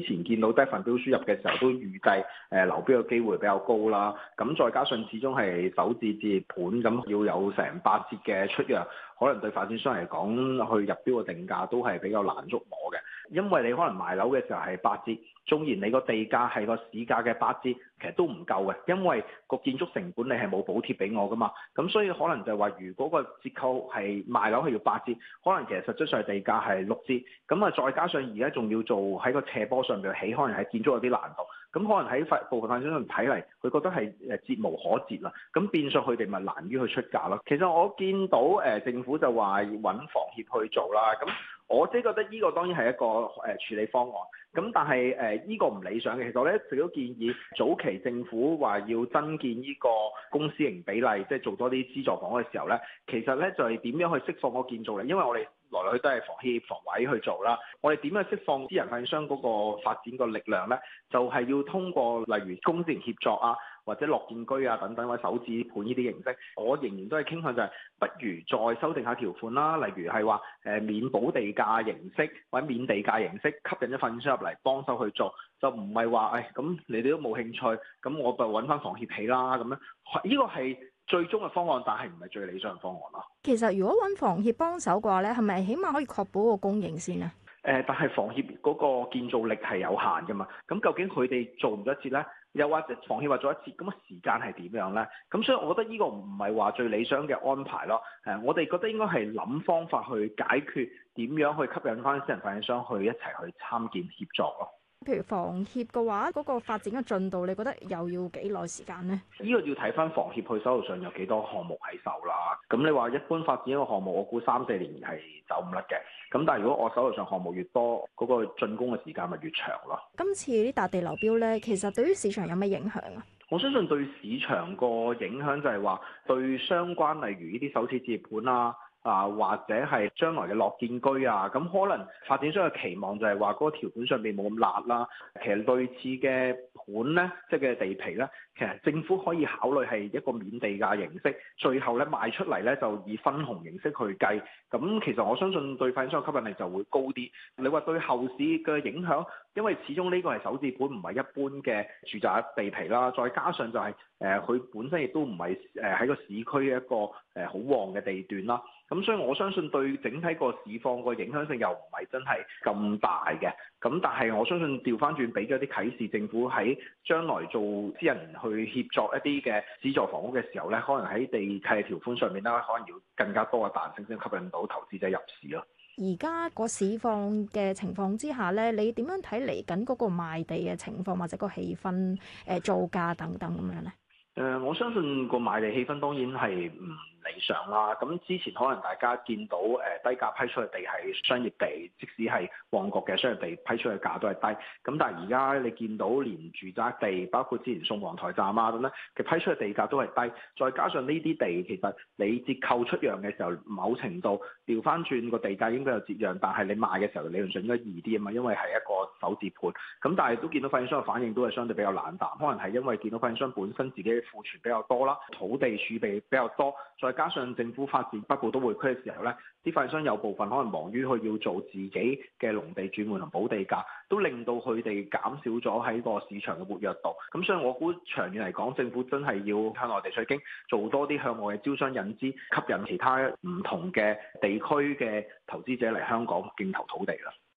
之前見到得一份標輸入嘅時候，都預計誒流標嘅機會比較高啦。咁再加上始終係首次置業盤，咁要有成八折嘅出讓，可能對發展商嚟講，去入標嘅定價都係比較難捉摸嘅。因為你可能賣樓嘅時候係八折，縱然你個地價係個市價嘅八折，其實都唔夠嘅，因為個建築成本你係冇補貼俾我噶嘛。咁所以可能就係話，如果個折扣係賣樓係要八折，可能其實實質上地價係六折，咁啊再加上而家仲要做喺個斜坡上面起，可能係建築有啲難度。咁可能喺發部分發展商睇嚟，佢覺得係誒折無可折啦。咁變相佢哋咪難於去出價咯。其實我見到，呃，政府就話要揾房協去做啦，咁。我即係覺得呢個當然係一個誒處理方案，咁但係呢依個唔理想嘅。其實咧，佢都建議早期政府話要增建呢個公私營比例，即係做多啲資助房嘅時候咧，其實咧就係點樣去釋放嗰個建造力，因為我哋。來來去都係房協房委去做啦。我哋點樣釋放私人發展商嗰個發展個力量呢？就係要通過例如公私營協作啊，或者樂建居啊等等或者首置盤呢啲形式。我仍然都係傾向就係，不如再修訂下條款啦。例如係話誒免補地價形式或者免地價形式，吸引咗發展商入嚟幫手去做，就唔係話誒咁你哋都冇興趣，咁我就揾翻房協起啦咁樣。依個係最終嘅方案，但係唔係最理想嘅方案咯。其實，如果揾房協幫手嘅話呢，係咪起碼可以確保個供應先啊？誒、呃，但係房協嗰個建造力係有限噶嘛。咁究竟佢哋做唔做一節咧？又或者房協話做一節，咁時間係點樣呢？咁所以，我覺得呢個唔係話最理想嘅安排咯。誒、呃，我哋覺得應該係諗方法去解決，點樣去吸引翻私人發展商去一齊去參建協作咯。譬如房協嘅話，嗰個發展嘅進度，你覺得又要幾耐時間呢？呢個要睇翻房協佢手頭上有幾多項目喺手啦。咁你話一般發展一個項目，我估三四年係走唔甩嘅。咁但係如果我手頭上項目越多，嗰個進攻嘅時間咪越長咯。今次啲大地流標呢，其實對於市場有咩影響啊？我相信對市場個影響就係話，對相關例如呢啲首次置業盤啦。啊，或者係將來嘅樂建居啊，咁可能發展商嘅期望就係話嗰條款上面冇咁辣啦。其實類似嘅盤呢，即係嘅地皮呢，其實政府可以考慮係一個免地價形式，最後呢賣出嚟呢就以分紅形式去計。咁其實我相信對發展商嘅吸引力就會高啲。你話對後市嘅影響，因為始終呢個係首置盤，唔係一般嘅住宅地皮啦。再加上就係、是、誒，佢、呃、本身亦都唔係喺個市區一個好旺嘅地段啦。咁所以我相信對整體個市況個影響性又唔係真係咁大嘅，咁但係我相信調翻轉俾咗啲啟示，政府喺將來做私人去協助一啲嘅資助房屋嘅時候咧，可能喺地契條款上面啦，可能要更加多嘅彈性先吸引到投資者入市咯。而家個市況嘅情況之下咧，你點樣睇嚟緊嗰個賣地嘅情況或者個氣氛誒、呃、造價等等咁樣咧？誒、呃，我相信個賣地氣氛當然係，嗯上啦，咁之前可能大家見到誒、低價批出嘅地係商業地，即使係旺角嘅商業地批出嘅價都係低。咁但係而家你見到連住宅地，包括之前宋皇臺站啊咁咧，佢批出嘅地價都係低。再加上呢啲地其實你折扣出讓嘅時候，某程度調翻轉個地價應該有折讓，但係你賣嘅時候理論上應該易啲啊嘛，因為係一個首置盤。咁但係都見到發展商嘅反應都係相對比較冷淡，可能係因為見到發展商本身自己的庫存比較多啦，土地儲備比較多，再加加上政府發展北部都會區嘅時候咧，啲發展商有部分可能忙於去要做自己嘅農地轉換同補地價，都令到佢哋減少咗喺個市場嘅活躍度。咁所以我估長遠嚟講，政府真係要向內地取經，做多啲向外嘅招商引資，吸引其他唔同嘅地區嘅投資者嚟香港競投土地啦。